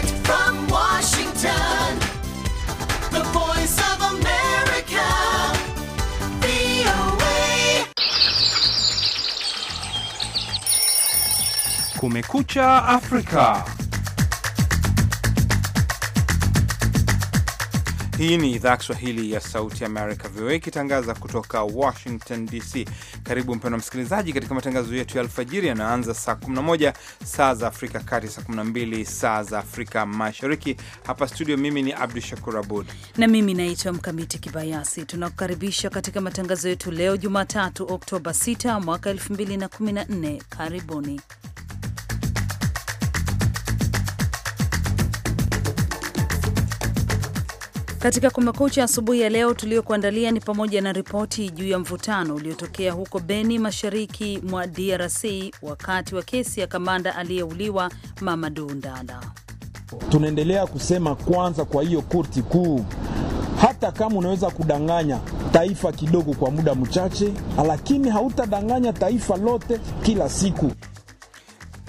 Direct from Washington, the voice of America, VOA. Kumekucha Afrika. Hii ni idhaa Kiswahili ya Sauti Amerika, VOA, ikitangaza kutoka Washington DC. Karibu mpendwa msikilizaji, katika matangazo yetu ya alfajiri yanaanza saa 11 saa za Afrika Kati, saa 12 saa za Afrika Mashariki. Hapa studio, mimi ni Abdu Shakur Abud na mimi naitwa Mkamiti Kibayasi. Tunakukaribisha katika matangazo yetu leo Jumatatu, Oktoba 6 mwaka 2014. Karibuni. Katika Kumekucha asubuhi ya leo tuliyokuandalia ni pamoja na ripoti juu ya mvutano uliotokea huko Beni, mashariki mwa DRC, wakati wa kesi ya kamanda aliyeuliwa Mamadu Ndala. Tunaendelea kusema kwanza, kwa hiyo korti kuu, hata kama unaweza kudanganya taifa kidogo kwa muda mchache, lakini hautadanganya taifa lote kila siku.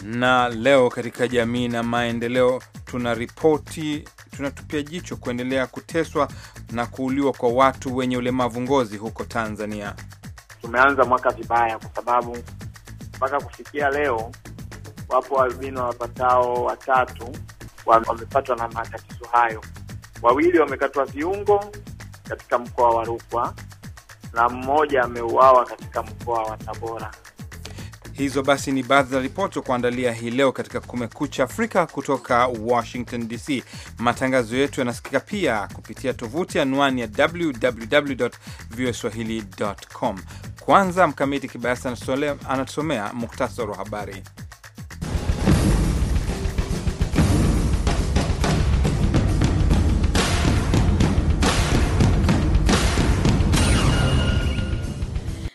Na leo katika jamii na maendeleo tuna ripoti tunatupia jicho kuendelea kuteswa na kuuliwa kwa watu wenye ulemavu ngozi huko Tanzania. Tumeanza mwaka vibaya, kwa sababu mpaka kufikia leo wapo albino wapatao watatu wamepatwa na matatizo hayo. Wawili wamekatwa viungo katika mkoa wa Rukwa na mmoja ameuawa katika mkoa wa Tabora. Hizo basi ni baadhi ya ripoti za kuandalia hii leo katika Kumekucha Afrika kutoka Washington DC. Matangazo yetu yanasikika pia kupitia tovuti anwani ya www voa swahili com. Kwanza Mkamiti Kibayasi anatusomea muktasari wa habari.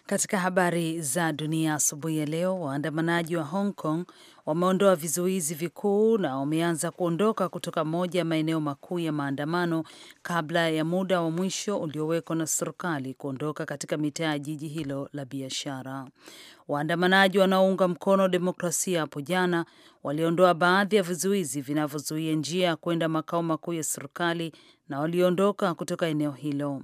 Katika habari za dunia asubuhi ya leo, waandamanaji wa Hong Kong wameondoa vizuizi vikuu na wameanza kuondoka kutoka moja ya maeneo makuu ya maandamano kabla ya muda wa mwisho uliowekwa na serikali kuondoka katika mitaa ya jiji hilo la biashara. Waandamanaji wanaounga mkono demokrasia hapo jana waliondoa baadhi ya vizuizi vinavyozuia njia ya kwenda makao makuu ya serikali na waliondoka kutoka eneo hilo,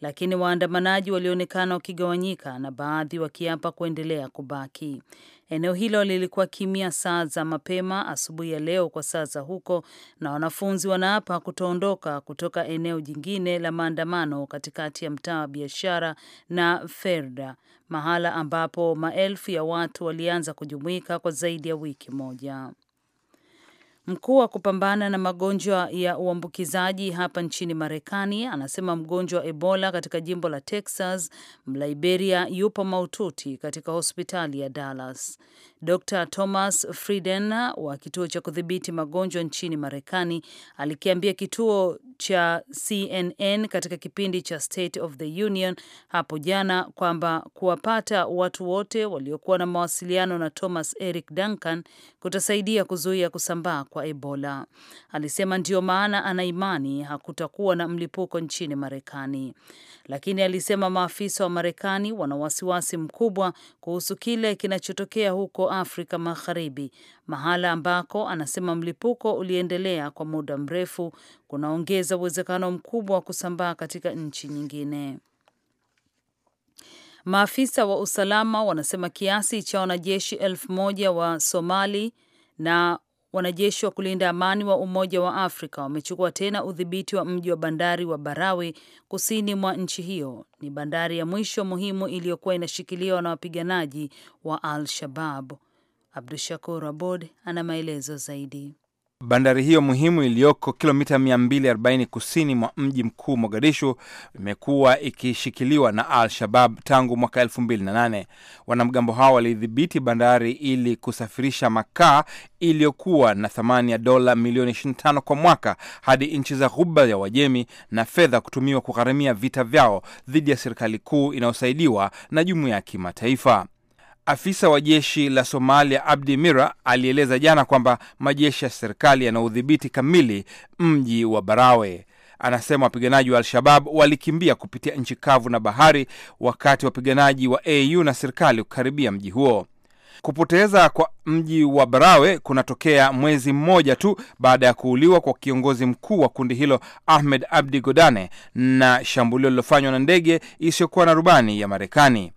lakini waandamanaji walionekana wakigawanyika na baadhi wakiapa kuendelea kubaki. Eneo hilo lilikuwa kimya saa za mapema asubuhi ya leo kwa saa za huko, na wanafunzi wanaapa kutoondoka kutoka eneo jingine la maandamano katikati ya mtaa wa biashara na Ferda, mahala ambapo maelfu ya watu walianza kujumuika kwa zaidi ya wiki moja. Mkuu wa kupambana na magonjwa ya uambukizaji hapa nchini Marekani anasema mgonjwa wa Ebola katika jimbo la Texas, Mliberia, yupo maututi katika hospitali ya Dallas. Dr Thomas Frieden wa kituo cha kudhibiti magonjwa nchini Marekani alikiambia kituo cha CNN katika kipindi cha State of the Union hapo jana kwamba kuwapata watu wote waliokuwa na mawasiliano na Thomas Eric Duncan kutasaidia kuzuia kusambaa kwa Ebola. Alisema ndio maana ana imani hakutakuwa na mlipuko nchini Marekani, lakini alisema maafisa wa Marekani wana wasiwasi mkubwa kuhusu kile kinachotokea huko Afrika Magharibi, mahala ambako anasema mlipuko uliendelea kwa muda mrefu kunaongeza uwezekano mkubwa wa kusambaa katika nchi nyingine. Maafisa wa usalama wanasema kiasi cha wanajeshi elfu moja wa Somali na wanajeshi wa kulinda amani wa Umoja wa Afrika wamechukua tena udhibiti wa mji wa bandari wa barawi kusini mwa nchi hiyo. Ni bandari ya mwisho muhimu iliyokuwa inashikiliwa na wapiganaji wa Al Shabab. Abdushakur Abod ana maelezo zaidi. Bandari hiyo muhimu iliyoko kilomita 240 kusini mwa mji mkuu Mogadishu imekuwa ikishikiliwa na Al Shabab tangu mwaka 2008. Wanamgambo hao walidhibiti bandari ili kusafirisha makaa iliyokuwa na thamani ya dola milioni 25 kwa mwaka hadi nchi za Ghuba ya Uajemi na fedha kutumiwa kugharamia vita vyao dhidi ya serikali kuu inayosaidiwa na jumuiya ya kimataifa. Afisa wa jeshi la Somalia Abdi Mira alieleza jana kwamba majeshi ya serikali udhibiti kamili mji wa Barawe. Anasema wapiganaji wa Al-Shabab walikimbia kupitia nchi kavu na bahari, wakati wapiganaji wa AU na serikali kukaribia mji huo. Kupoteza kwa mji wa Barawe kunatokea mwezi mmoja tu baada ya kuuliwa kwa kiongozi mkuu wa kundi hilo Ahmed Abdi Godane na shambulio lililofanywa na ndege isiyokuwa na rubani ya Marekani.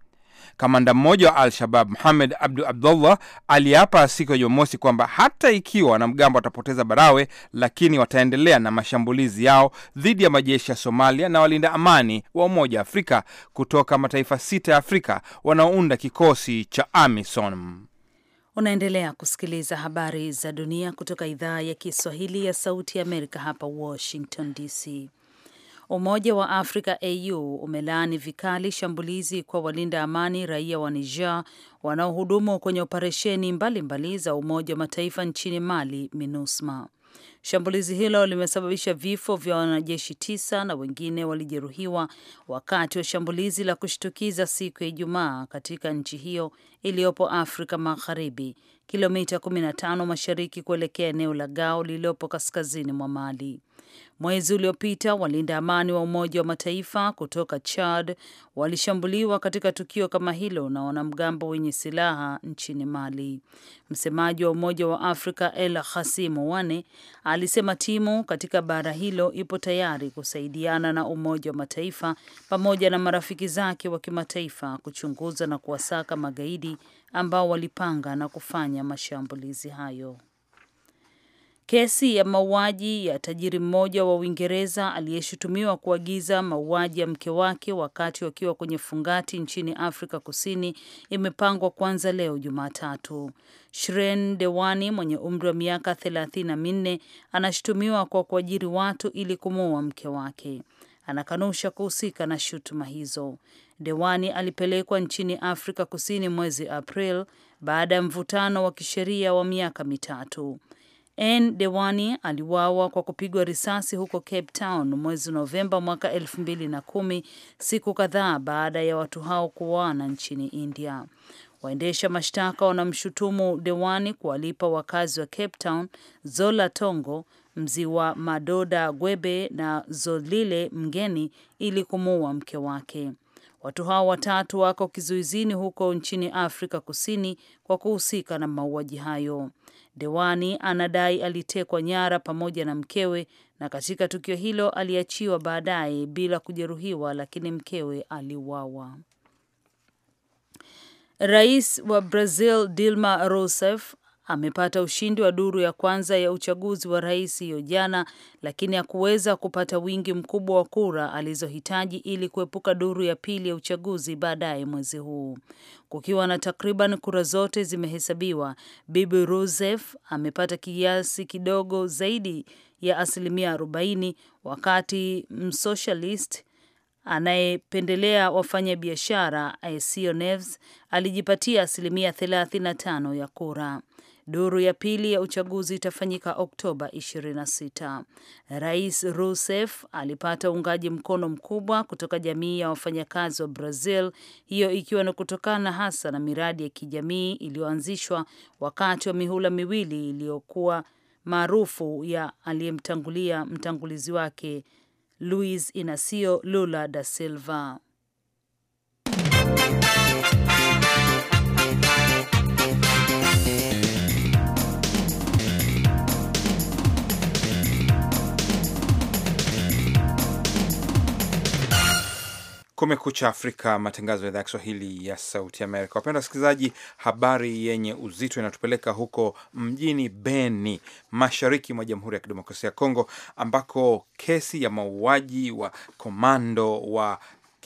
Kamanda mmoja wa Al-Shabab Muhamed Abdu Abdullah aliapa siku ya Jumamosi kwamba hata ikiwa wanamgambo watapoteza Barawe, lakini wataendelea na mashambulizi yao dhidi ya majeshi ya Somalia na walinda amani wa Umoja wa Afrika kutoka mataifa sita ya Afrika wanaounda kikosi cha AMISOM. Unaendelea kusikiliza habari za dunia kutoka idhaa ya Kiswahili ya Sauti ya Amerika hapa Washington DC. Umoja wa Afrika AU umelaani vikali shambulizi kwa walinda amani raia wa Niger wanaohudumu kwenye operesheni mbalimbali za Umoja wa Mataifa nchini Mali, MINUSMA. Shambulizi hilo limesababisha vifo vya wanajeshi tisa na wengine walijeruhiwa wakati wa shambulizi la kushtukiza siku ya Ijumaa katika nchi hiyo iliyopo Afrika Magharibi, kilomita 15 mashariki kuelekea eneo la Gao lililopo kaskazini mwa Mali. Mwezi uliopita walinda amani wa Umoja wa Mataifa kutoka Chad walishambuliwa katika tukio kama hilo na wanamgambo wenye silaha nchini Mali. Msemaji wa Umoja wa Afrika El Khasi Mowane alisema timu katika bara hilo ipo tayari kusaidiana na Umoja wa Mataifa pamoja na marafiki zake wa kimataifa kuchunguza na kuwasaka magaidi ambao walipanga na kufanya mashambulizi hayo kesi ya mauaji ya tajiri mmoja wa Uingereza aliyeshutumiwa kuagiza mauaji ya mke wake wakati wakiwa kwenye fungati nchini Afrika Kusini imepangwa kuanza leo Jumatatu. Shren Dewani mwenye umri wa miaka thelathini na minne anashutumiwa kwa kuajiri watu ili kumuua mke wake. Anakanusha kuhusika na shutuma hizo. Dewani alipelekwa nchini Afrika Kusini mwezi April baada ya mvutano wa kisheria wa miaka mitatu. N Dewani aliwawa kwa kupigwa risasi huko Cape Town mwezi Novemba mwaka elfu mbili na kumi, siku kadhaa baada ya watu hao kuoana nchini India. Waendesha mashtaka wanamshutumu Dewani kuwalipa wakazi wa Cape Town Zola Tongo, Mziwa Madoda Gwebe na Zolile mgeni ili kumuua mke wake. Watu hao watatu wako kizuizini huko nchini Afrika Kusini kwa kuhusika na mauaji hayo. Dewani anadai alitekwa nyara pamoja na mkewe, na katika tukio hilo aliachiwa baadaye bila kujeruhiwa, lakini mkewe aliuawa. Rais wa Brazil Dilma Rousseff amepata ushindi wa duru ya kwanza ya uchaguzi wa rais hiyo jana, lakini hakuweza kupata wingi mkubwa wa kura alizohitaji ili kuepuka duru ya pili ya uchaguzi baadaye mwezi huu. Kukiwa na takriban kura zote zimehesabiwa, Bibi Rousseff amepata kiasi kidogo zaidi ya asilimia 40 wakati msocialist anayependelea wafanya biashara Sionevs alijipatia asilimia 35 ya kura. Duru ya pili ya uchaguzi itafanyika Oktoba 26. Rais Rousseff alipata uungaji mkono mkubwa kutoka jamii ya wafanyakazi wa Brazil, hiyo ikiwa ni kutokana hasa na miradi ya kijamii iliyoanzishwa wakati wa mihula miwili iliyokuwa maarufu ya aliyemtangulia mtangulizi wake Luiz Inacio Lula da Silva. Kumekucha Afrika, matangazo ya idhaa ya Kiswahili ya Sauti Amerika. Wapenda wasikilizaji, habari yenye uzito inatupeleka huko mjini Beni, mashariki mwa Jamhuri ya Kidemokrasia ya Kongo, ambako kesi ya mauaji wa komando wa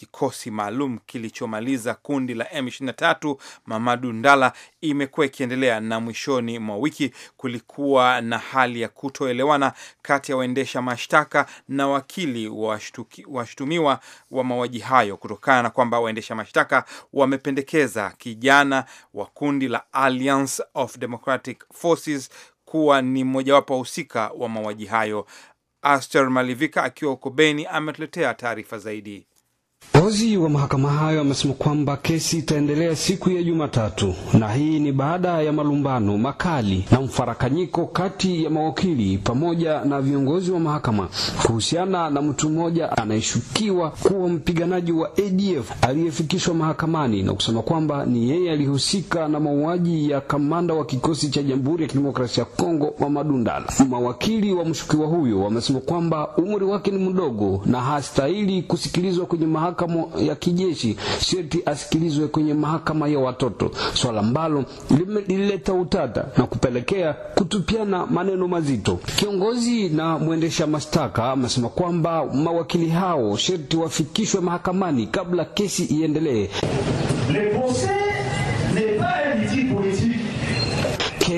kikosi maalum kilichomaliza kundi la M23 Mamadu Ndala imekuwa ikiendelea, na mwishoni mwa wiki kulikuwa na hali ya kutoelewana kati ya waendesha mashtaka na wakili wa washtumiwa wa mauaji hayo, kutokana na kwamba waendesha mashtaka wamependekeza kijana wa kundi la Alliance of Democratic Forces kuwa ni mmojawapo wahusika wa mauaji hayo. Aster Malivika akiwa huko Beni ametuletea taarifa zaidi. Kiongozi wa mahakama hayo amesema kwamba kesi itaendelea siku ya Jumatatu, na hii ni baada ya malumbano makali na mfarakanyiko kati ya mawakili pamoja na viongozi wa mahakama kuhusiana na mtu mmoja anayeshukiwa kuwa mpiganaji wa ADF aliyefikishwa mahakamani na kusema kwamba ni yeye alihusika na mauaji ya kamanda wa kikosi cha Jamhuri ya Kidemokrasia ya Kongo wa Madundala. Mawakili wa mshukiwa huyo wamesema kwamba umri wake ni mdogo na hastahili kusikilizwa kwenye mahakama mahakama ya kijeshi sherti asikilizwe kwenye mahakama ya watoto, swala ambalo lilileta utata na kupelekea kutupiana maneno mazito. Kiongozi na mwendesha mashtaka amesema kwamba mawakili hao sherti wafikishwe mahakamani kabla kesi iendelee.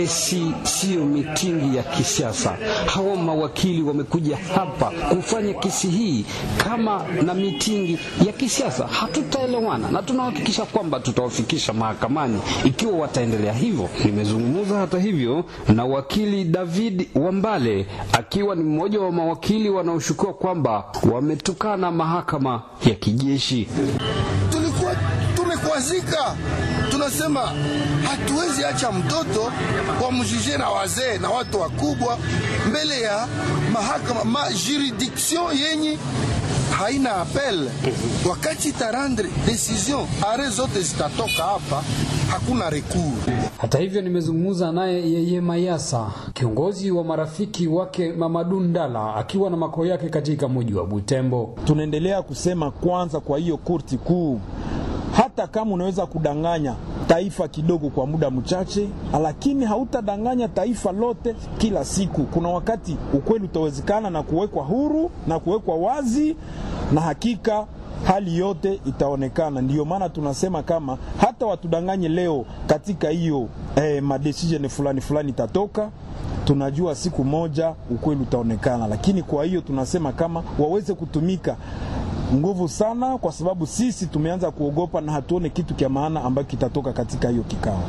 kesi siyo mitingi ya kisiasa. Hawa mawakili wamekuja hapa kufanya kesi hii kama na mitingi ya kisiasa. Hatutaelewana na tunahakikisha kwamba tutawafikisha mahakamani ikiwa wataendelea hivyo. Nimezungumza hata hivyo na wakili David Wambale akiwa ni mmoja wa mawakili wanaoshukiwa kwamba wametukana mahakama ya kijeshi. Tulikuwa tumekwazika tunasema hatuwezi acha mtoto wamjije na wazee na watu wakubwa mbele ya mahakama ma juridiction yenye haina apel. Wakati tarandre decision are zote zitatoka hapa, hakuna rekuru. Hata hivyo, nimezungumza naye Yeye Mayasa, kiongozi wa marafiki wake Mamadu Ndala, akiwa na makao yake katika mji wa Butembo. Tunaendelea kusema kwanza, kwa hiyo kurti kuu, hata kama unaweza kudanganya taifa kidogo kwa muda mchache, lakini hautadanganya taifa lote kila siku. Kuna wakati ukweli utawezekana na kuwekwa huru na kuwekwa wazi, na hakika hali yote itaonekana. Ndiyo maana tunasema kama hata watudanganye leo katika hiyo eh, madecision fulani fulani itatoka tunajua siku moja ukweli utaonekana, lakini kwa hiyo tunasema kama waweze kutumika nguvu sana, kwa sababu sisi tumeanza kuogopa na hatuone kitu kya maana ambacho kitatoka katika hiyo kikao.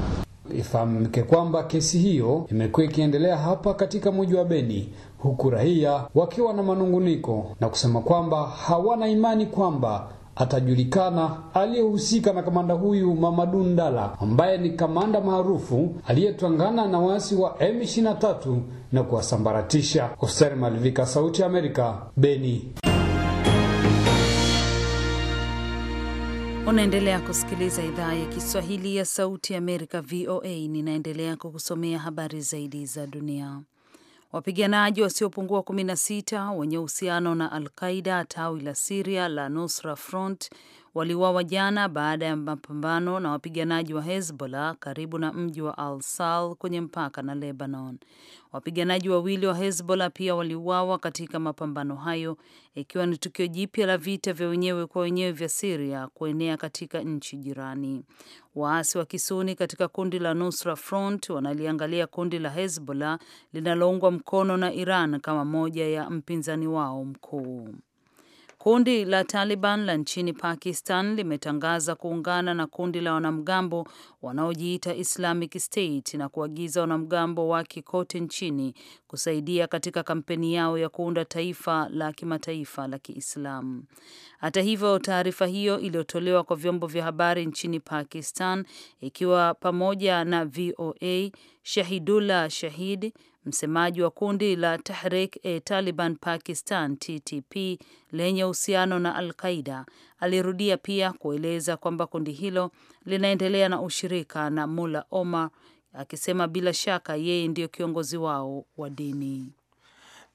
Ifahamike kwamba kesi hiyo imekuwa ikiendelea hapa katika mji wa Beni, huku raia wakiwa na manunguniko na kusema kwamba hawana imani kwamba atajulikana aliyehusika na kamanda huyu Mamadu Ndala ambaye ni kamanda maarufu aliyetwangana na waasi wa M23 na kuwasambaratisha. Oser Malvika, Sauti ya Amerika, Beni. Unaendelea kusikiliza idhaa ya Kiswahili ya Sauti ya Amerika, VOA. Ninaendelea kukusomea habari zaidi za dunia. Wapiganaji wasiopungua 16 wenye uhusiano na Al Qaida tawi la Siria la Nusra Front waliuawa jana baada ya mapambano na wapiganaji wa Hezbollah karibu na mji wa Al Sal kwenye mpaka na Lebanon. Wapiganaji wawili wa Hezbollah pia waliuawa katika mapambano hayo, ikiwa ni tukio jipya la vita vya wenyewe kwa wenyewe vya Siria kuenea katika nchi jirani. Waasi wa Kisuni katika kundi la Nusra Front wanaliangalia kundi la Hezbollah linaloungwa mkono na Iran kama moja ya mpinzani wao mkuu. Kundi la Taliban la nchini Pakistan limetangaza kuungana na kundi la wanamgambo wanaojiita Islamic State na kuagiza wanamgambo wake kote nchini kusaidia katika kampeni yao ya kuunda taifa la kimataifa la Kiislamu. Hata hivyo, taarifa hiyo iliyotolewa kwa vyombo vya habari nchini Pakistan ikiwa pamoja na VOA, Shahidullah Shahidi Msemaji wa kundi la Tahrik e Taliban Pakistan TTP lenye uhusiano na Al Qaida alirudia pia kueleza kwamba kundi hilo linaendelea na ushirika na Mula Omar akisema bila shaka yeye ndiyo kiongozi wao wa dini.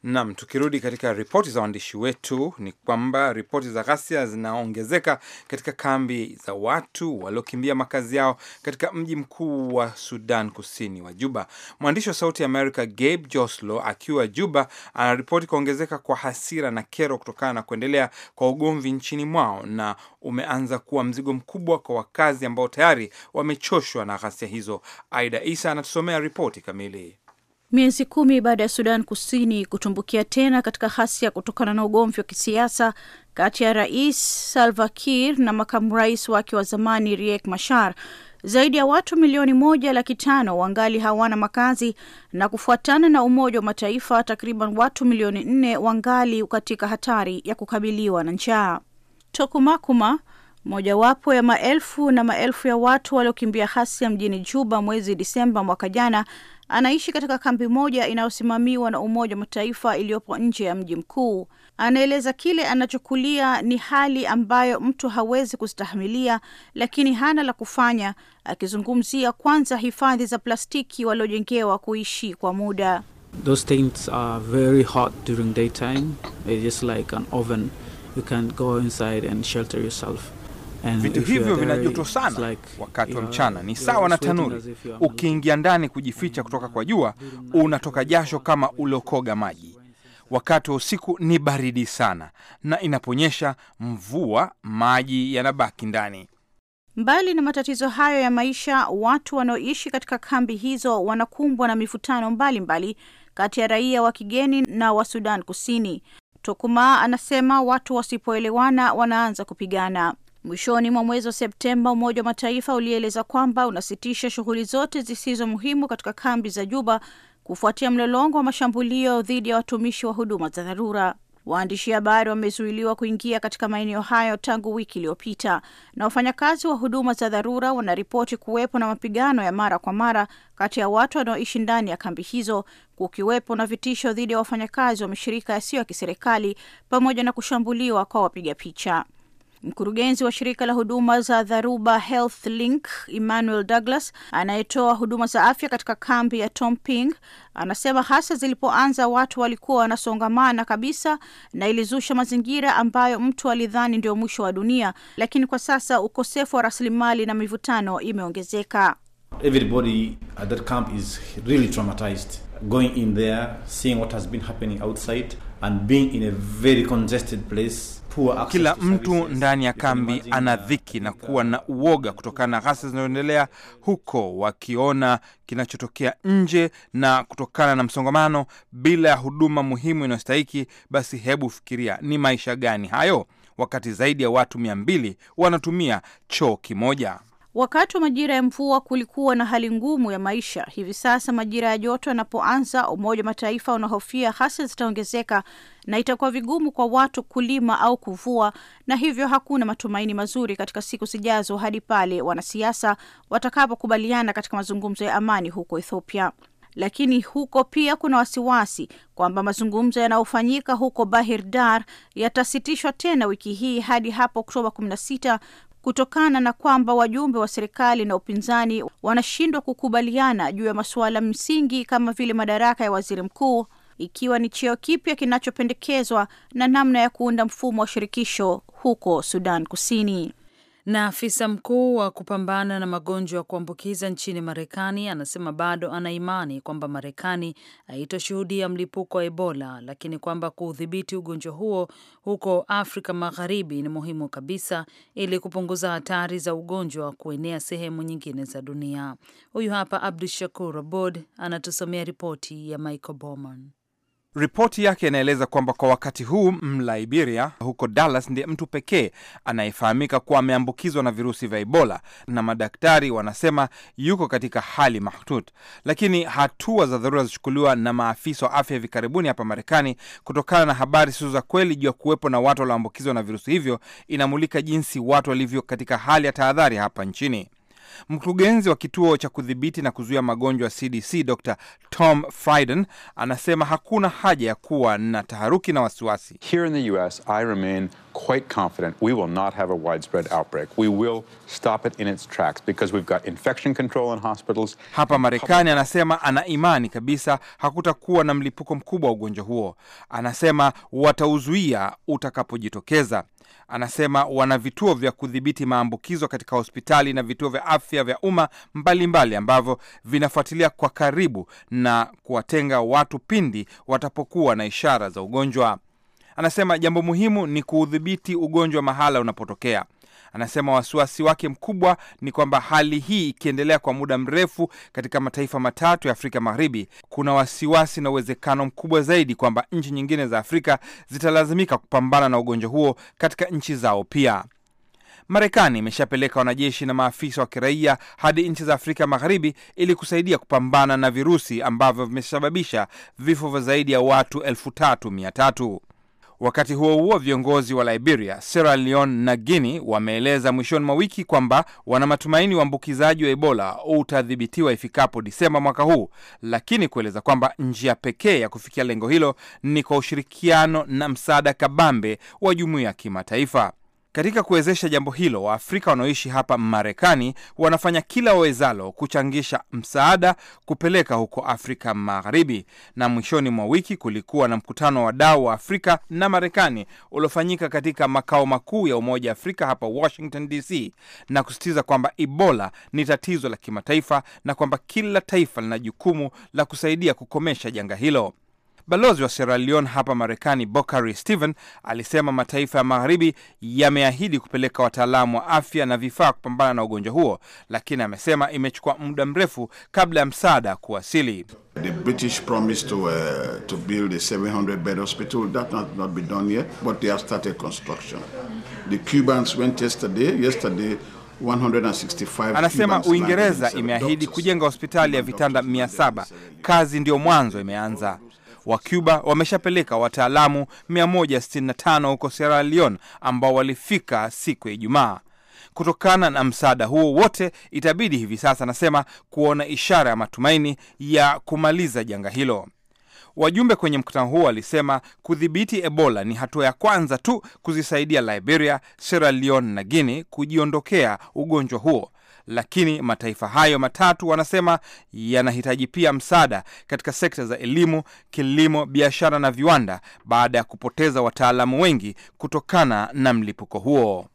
Nam, tukirudi katika ripoti za waandishi wetu ni kwamba ripoti za ghasia zinaongezeka katika kambi za watu waliokimbia makazi yao katika mji mkuu wa Sudan Kusini wa Juba. Mwandishi wa Sauti ya Amerika Gabe Joslo akiwa Juba anaripoti kuongezeka kwa hasira na kero kutokana na kuendelea kwa ugomvi nchini mwao, na umeanza kuwa mzigo mkubwa kwa wakazi ambao tayari wamechoshwa na ghasia hizo. Aida Isa anatusomea ripoti kamili. Miezi kumi baada ya Sudan Kusini kutumbukia tena katika ghasia kutokana na ugomvi wa kisiasa kati ya Rais Salva Kiir na makamu rais wake wa zamani Riek Machar, zaidi ya watu milioni moja laki tano wangali hawana makazi, na kufuatana na Umoja wa Mataifa, takriban watu milioni nne wangali katika hatari ya kukabiliwa na njaa. Tokumakuma mojawapo ya maelfu na maelfu ya watu waliokimbia hasia mjini Juba mwezi Disemba mwaka jana anaishi katika kambi moja inayosimamiwa na Umoja wa Mataifa iliyopo nje ya mji mkuu. Anaeleza kile anachokulia ni hali ambayo mtu hawezi kustahimilia, lakini hana la kufanya, akizungumzia kwanza hifadhi za plastiki waliojengewa kuishi kwa muda. Those things are very hot during daytime. It's just like an oven. You can go inside and shelter yourself. Vitu hivyo vina joto sana wakati wa mchana ni sawa na tanuri. Ukiingia ndani kujificha kutoka kwa jua, unatoka jasho kama uliokoga maji. Wakati wa usiku ni baridi sana, na inaponyesha mvua, maji yanabaki ndani. Mbali na matatizo hayo ya maisha, watu wanaoishi katika kambi hizo wanakumbwa na mivutano mbalimbali kati ya raia wa kigeni na wa Sudan Kusini. Tokuma anasema watu wasipoelewana wanaanza kupigana. Mwishoni mwa mwezi wa Septemba, Umoja wa Mataifa ulieleza kwamba unasitisha shughuli zote zisizo muhimu katika kambi za Juba kufuatia mlolongo wa mashambulio dhidi ya watumishi wa huduma za dharura. Waandishi habari wamezuiliwa kuingia katika maeneo hayo tangu wiki iliyopita, na wafanyakazi wa huduma za dharura wanaripoti kuwepo na mapigano ya mara kwa mara kati ya watu wanaoishi ndani ya kambi hizo, kukiwepo na vitisho dhidi ya wafanyakazi wa mashirika yasiyo ya kiserikali pamoja na kushambuliwa kwa wapiga picha. Mkurugenzi wa shirika la huduma za dharuba Health Link Emmanuel Douglas, anayetoa huduma za afya katika kambi ya Tomping, anasema hasa zilipoanza watu walikuwa wanasongamana kabisa, na ilizusha mazingira ambayo mtu alidhani ndio mwisho wa dunia, lakini kwa sasa ukosefu wa rasilimali na mivutano imeongezeka. Everybody at that camp is really traumatized going in there seeing what has been happening outside and being in a very congested place kila mtu ndani ya kambi ana dhiki na kuwa na uoga kutokana na ghasia zinazoendelea huko, wakiona kinachotokea nje, na kutokana na msongamano bila ya huduma muhimu inayostahiki, basi hebu fikiria ni maisha gani hayo, wakati zaidi ya watu mia mbili wanatumia choo kimoja. Wakati wa majira ya mvua kulikuwa na hali ngumu ya maisha. Hivi sasa majira ya joto yanapoanza, Umoja wa Mataifa unahofia hasa zitaongezeka na itakuwa vigumu kwa watu kulima au kuvua, na hivyo hakuna matumaini mazuri katika siku zijazo hadi pale wanasiasa watakapokubaliana katika mazungumzo ya amani huko Ethiopia. Lakini huko pia kuna wasiwasi kwamba mazungumzo yanayofanyika huko Bahir Dar yatasitishwa tena wiki hii hadi hapo Oktoba 16 kutokana na kwamba wajumbe wa serikali na upinzani wanashindwa kukubaliana juu ya masuala msingi kama vile madaraka ya waziri mkuu, ikiwa ni cheo kipya kinachopendekezwa na namna ya kuunda mfumo wa shirikisho huko Sudan Kusini. Na afisa mkuu wa kupambana na magonjwa ya kuambukiza nchini Marekani anasema bado ana imani kwamba Marekani haitoshuhudia mlipuko wa Ebola, lakini kwamba kuudhibiti ugonjwa huo huko Afrika Magharibi ni muhimu kabisa ili kupunguza hatari za ugonjwa wa kuenea sehemu nyingine za dunia. Huyu hapa Abdu Shakur Abod anatusomea ripoti ya Michael Bowman. Ripoti yake inaeleza kwamba kwa wakati huu mliberia huko Dallas ndiye mtu pekee anayefahamika kuwa ameambukizwa na virusi vya Ebola, na madaktari wanasema yuko katika hali mahututi, lakini hatua za dharura zichukuliwa na maafisa wa afya hivi karibuni hapa Marekani kutokana na habari sizo za kweli juu ya kuwepo na watu walioambukizwa na virusi hivyo. Inamulika jinsi watu walivyo katika hali ya tahadhari hapa nchini. Mkurugenzi wa kituo cha kudhibiti na kuzuia magonjwa CDC, Dr Tom Frieden anasema hakuna haja ya kuwa na taharuki na wasiwasi. Here in the US, I remain quite confident we will not have a widespread outbreak. We will stop it in its tracks because we've got infection control in hospitals. Hapa Marekani anasema ana imani kabisa hakutakuwa na mlipuko mkubwa wa ugonjwa huo. Anasema watauzuia utakapojitokeza. Anasema wana vituo vya kudhibiti maambukizo katika hospitali na vituo vya afya vya umma mbalimbali ambavyo vinafuatilia kwa karibu na kuwatenga watu pindi watapokuwa na ishara za ugonjwa. Anasema jambo muhimu ni kuudhibiti ugonjwa mahala unapotokea. Anasema wasiwasi wake mkubwa ni kwamba hali hii ikiendelea kwa muda mrefu katika mataifa matatu ya Afrika Magharibi, kuna wasiwasi na uwezekano mkubwa zaidi kwamba nchi nyingine za Afrika zitalazimika kupambana na ugonjwa huo katika nchi zao pia. Marekani imeshapeleka wanajeshi na maafisa wa kiraia hadi nchi za Afrika Magharibi ili kusaidia kupambana na virusi ambavyo vimesababisha vifo vya zaidi ya watu elfu tatu mia tatu. Wakati huo huo, viongozi wa Liberia, Sierra Leone na Guinea wameeleza mwishoni mwa wiki kwamba wana matumaini uambukizaji wa Ebola utadhibitiwa ifikapo Disemba mwaka huu, lakini kueleza kwamba njia pekee ya kufikia lengo hilo ni kwa ushirikiano na msaada kabambe wa jumuiya ya kimataifa. Katika kuwezesha jambo hilo, Waafrika wanaoishi hapa Marekani wanafanya kila wawezalo kuchangisha msaada kupeleka huko Afrika Magharibi. Na mwishoni mwa wiki kulikuwa na mkutano wa wadau wa Afrika na Marekani uliofanyika katika makao makuu ya Umoja wa Afrika hapa Washington DC, na kusisitiza kwamba Ebola ni tatizo la kimataifa na kwamba kila taifa lina jukumu la kusaidia kukomesha janga hilo. Balozi wa Sierra Leone hapa Marekani, Bokari stehen alisema mataifa ya magharibi yameahidi kupeleka wataalamu wa afya na vifaa kupambana na ugonjwa huo, lakini amesema imechukua muda mrefu kabla ya msaada kuwasili. The British promised to, uh, to build a 700 bed hospital. That has not been done yet, but they have started construction. The Cubans went yesterday. Yesterday, 165 anasema Uingereza imeahidi kujenga hospitali ya vitanda 700. Kazi ndiyo mwanzo imeanza wa Cuba wameshapeleka wataalamu 165 huko Sierra Leone ambao walifika siku ya Ijumaa. Kutokana na msaada huo wote, itabidi hivi sasa, anasema, kuona ishara ya matumaini ya kumaliza janga hilo. Wajumbe kwenye mkutano huo walisema kudhibiti Ebola ni hatua ya kwanza tu kuzisaidia Liberia, Sierra Leone na Guinea kujiondokea ugonjwa huo lakini mataifa hayo matatu wanasema yanahitaji pia msaada katika sekta za elimu, kilimo, biashara na viwanda baada ya kupoteza wataalamu wengi kutokana na mlipuko huo.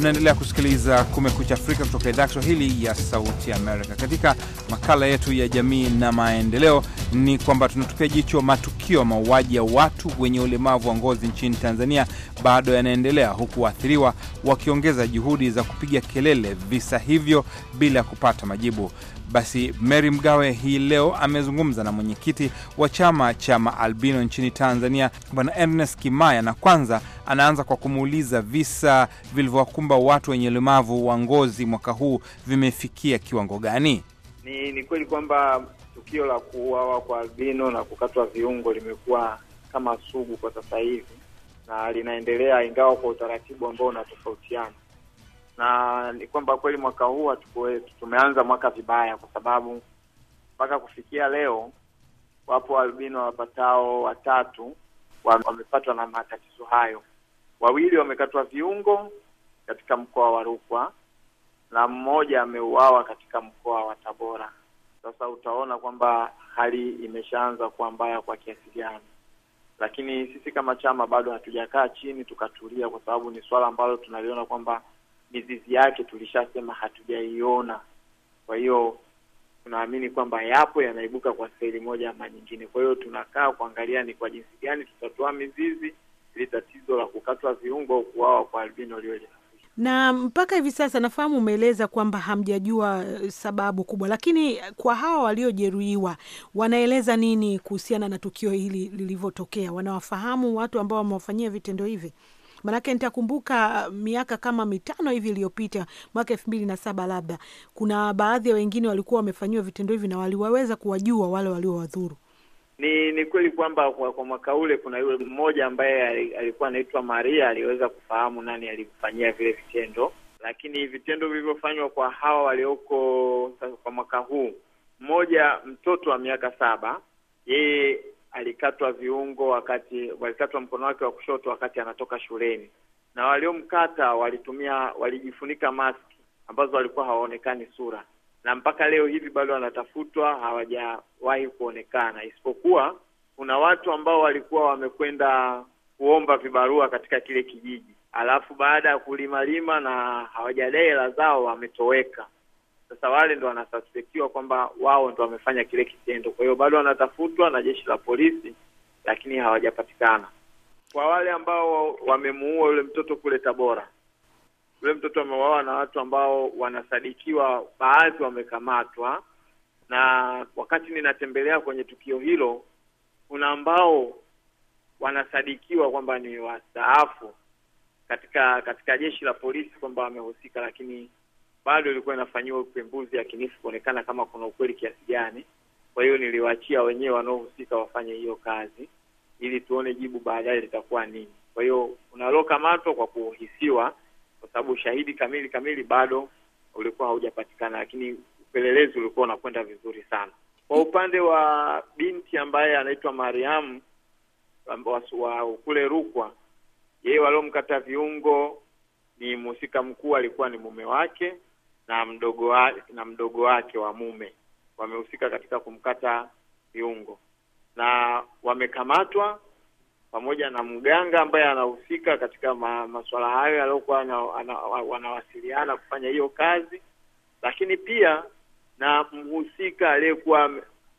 Mnaendelea kusikiliza Kumekucha Afrika kutoka idhaa Kiswahili ya Sauti Amerika. Katika makala yetu ya jamii na maendeleo, ni kwamba tunatupia jicho matukio mauaji ya watu wenye ulemavu wa ngozi nchini Tanzania bado yanaendelea, huku waathiriwa wakiongeza juhudi za kupiga kelele visa hivyo bila kupata majibu. Basi Mary Mgawe hii leo amezungumza na mwenyekiti wa chama cha maalbino nchini Tanzania, Bwana Ernest Kimaya, na kwanza anaanza kwa kumuuliza visa vilivyowakumba watu wenye ulemavu wa ngozi mwaka huu vimefikia kiwango gani? Ni, ni kweli kwamba tukio la kuuawa kwa albino na kukatwa viungo limekuwa kama sugu kwa sasa hivi na linaendelea, ingawa kwa utaratibu ambao unatofautiana na ni kwamba kweli mwaka huu hatukuwe tumeanza mwaka vibaya, kwa sababu mpaka kufikia leo wapo albino wapatao watatu wamepatwa na matatizo hayo. Wawili wamekatwa viungo katika mkoa wa Rukwa na mmoja ameuawa katika mkoa wa Tabora. Sasa utaona kwamba hali imeshaanza kuwa mbaya kwa kiasi gani, lakini sisi kama chama bado hatujakaa chini tukatulia, kwa sababu ni swala ambalo tunaliona kwamba mizizi yake tulishasema hatujaiona. Kwa hiyo tunaamini kwamba yapo yanaibuka kwa staili moja ama nyingine. Kwa hiyo tunakaa kuangalia ni kwa jinsi gani tutatoa mizizi ili tatizo la kukatwa viungo au kuwawa kwa albino liwe na mpaka hivi sasa nafahamu umeeleza kwamba hamjajua eh, sababu kubwa, lakini kwa hawa waliojeruhiwa wanaeleza nini kuhusiana na tukio hili lilivyotokea? Wanawafahamu watu ambao wamewafanyia vitendo hivi? Maanake nitakumbuka uh, miaka kama mitano hivi iliyopita, mwaka elfu mbili na saba labda, kuna baadhi ya wengine walikuwa wamefanyiwa vitendo hivi na waliwaweza kuwajua wale waliowadhuru. Ni ni kweli kwamba kwa, kwa mwaka ule kuna yule mmoja ambaye alikuwa anaitwa Maria aliweza kufahamu nani alimfanyia vile vitendo, lakini vitendo vilivyofanywa kwa hawa walioko kwa mwaka huu, mmoja mtoto wa miaka saba, yeye alikatwa viungo wakati walikatwa mkono wake wa kushoto wakati anatoka shuleni, na waliomkata walitumia walijifunika maski ambazo walikuwa hawaonekani sura, na mpaka leo hivi bado wanatafutwa, hawajawahi kuonekana, isipokuwa kuna watu ambao walikuwa wamekwenda kuomba vibarua katika kile kijiji, alafu baada ya kulimalima na hawajadai hela zao wametoweka. Sasa wale ndo wanasuspektiwa kwamba wao ndo wamefanya kile kitendo, kwa hiyo bado wanatafutwa na jeshi la polisi, lakini hawajapatikana. Kwa wale ambao wamemuua yule mtoto kule Tabora, yule mtoto ameuawa na watu ambao wanasadikiwa, baadhi wamekamatwa, na wakati ninatembelea kwenye tukio hilo, kuna ambao wanasadikiwa kwamba ni wastaafu katika katika jeshi la polisi kwamba wamehusika, lakini bado ilikuwa inafanyiwa upembuzi yakinifu kuonekana kama kuna ukweli kiasi gani. Kwa hiyo niliwaachia wenyewe wanaohusika wafanye hiyo kazi ili tuone jibu baadaye litakuwa nini. Kwa hiyo unalokamatwa kwa kuhisiwa, kwa sababu shahidi kamili kamili bado ulikuwa haujapatikana, lakini upelelezi ulikuwa unakwenda vizuri sana. Kwa upande wa binti ambaye anaitwa Mariamu wa kule Rukwa, yeye waliomkata viungo ni mhusika mkuu alikuwa ni mume wake, na mdogo wa, na mdogo wake wa mume wamehusika katika kumkata viungo na wamekamatwa pamoja na mganga ambaye anahusika katika ma, masuala hayo aliyokuwa wanawasiliana kufanya hiyo kazi, lakini pia na mhusika aliyekuwa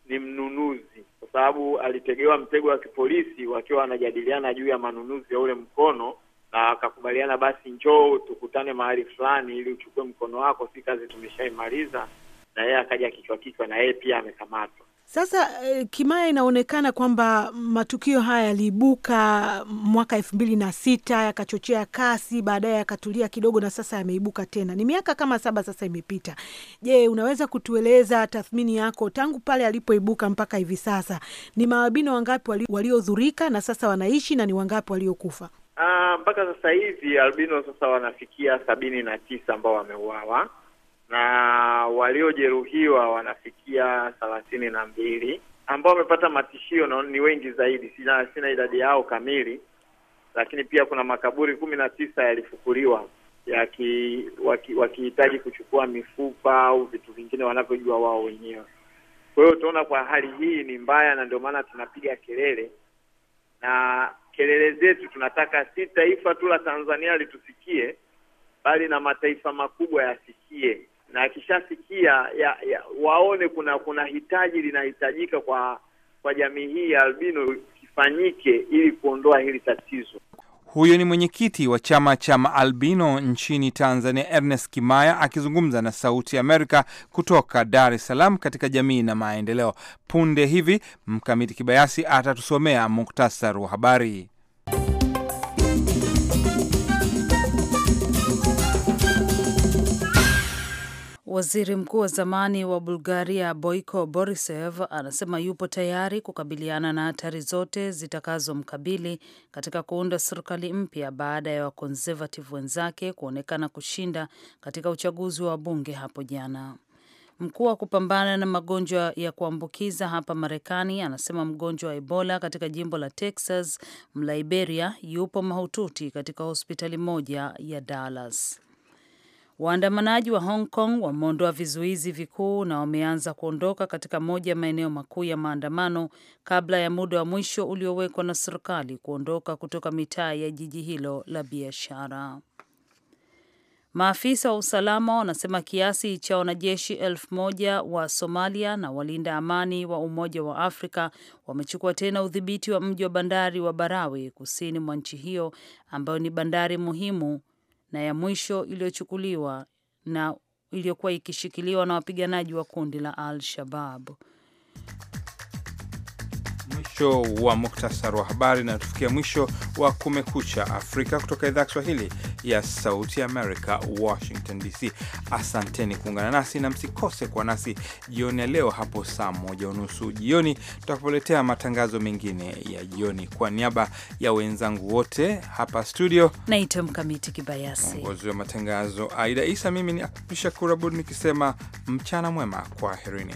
ni mnunuzi, kwa sababu alitegewa mtego wa kipolisi wakiwa wanajadiliana juu ya manunuzi ya ule mkono na akakubaliana, basi njoo tukutane mahali fulani ili uchukue mkono wako, si kazi tumeshaimaliza. Na yeye akaja kichwa kichwa, na yeye pia amekamatwa. Sasa eh, Kimaya, inaonekana kwamba matukio haya yaliibuka mwaka elfu mbili na sita yakachochea kasi, baadaye yakatulia kidogo, na sasa yameibuka tena. Ni miaka kama saba sasa imepita. Je, unaweza kutueleza tathmini yako tangu pale alipoibuka mpaka hivi sasa? Ni mawabino wangapi waliodhurika na sasa wanaishi na ni wangapi waliokufa? Ah, mpaka sasa hivi albino sasa wanafikia sabini na tisa ambao wameuawa na waliojeruhiwa wanafikia thelathini na mbili ambao wamepata matishio na ni wengi zaidi. Sina, sina idadi yao kamili, lakini pia kuna makaburi kumi na tisa yalifukuliwa yaki, wakihitaji waki kuchukua mifupa au vitu vingine wanavyojua wao wenyewe. Kwa hiyo tunaona kwa hali hii ni mbaya, na ndio maana tunapiga kelele na kelele zetu. Tunataka si taifa tu la Tanzania litusikie, bali na mataifa makubwa yasikie, na akishasikia ya, ya, waone kuna kuna hitaji linahitajika kwa kwa jamii hii ya albino kifanyike ili kuondoa hili tatizo. Huyo ni mwenyekiti wa chama cha maalbino nchini Tanzania, Ernest Kimaya, akizungumza na Sauti Amerika kutoka Dar es Salaam katika Jamii na Maendeleo. Punde hivi Mkamiti Kibayasi atatusomea muktasar wa habari. Waziri mkuu wa zamani wa Bulgaria Boiko Borisev anasema yupo tayari kukabiliana na hatari zote zitakazomkabili katika kuunda serikali mpya baada ya wakonservative wenzake kuonekana kushinda katika uchaguzi wa bunge hapo jana. Mkuu wa kupambana na magonjwa ya kuambukiza hapa Marekani anasema mgonjwa wa Ebola katika jimbo la Texas, mliberia yupo mahututi katika hospitali moja ya Dallas. Waandamanaji wa Hong Kong wameondoa vizuizi vikuu na wameanza kuondoka katika moja ya maeneo makuu ya maandamano kabla ya muda wa mwisho uliowekwa na serikali kuondoka kutoka mitaa ya jiji hilo la biashara. Maafisa wa usalama wanasema kiasi cha wanajeshi elfu moja wa Somalia na walinda amani wa Umoja wa Afrika wamechukua tena udhibiti wa mji wa bandari wa Barawe kusini mwa nchi hiyo ambayo ni bandari muhimu na ya mwisho iliyochukuliwa na iliyokuwa ikishikiliwa na wapiganaji wa kundi la al shabab mwisho wa muktasari wa habari, na tufikia mwisho wa Kumekucha Afrika kutoka idhaa ya Kiswahili ya Sauti ya Amerika, Washington DC. Asanteni kuungana nasi na msikose kwa nasi jioni ya leo hapo saa moja unusu jioni, tutakapoletea matangazo mengine ya jioni. Kwa niaba ya wenzangu wote hapa studio, naitwa Mkamiti Kibayasi, mwongozi wa matangazo Aida Isa, mimi ni Abdu Shakur Abud nikisema mchana mwema, kwaherini.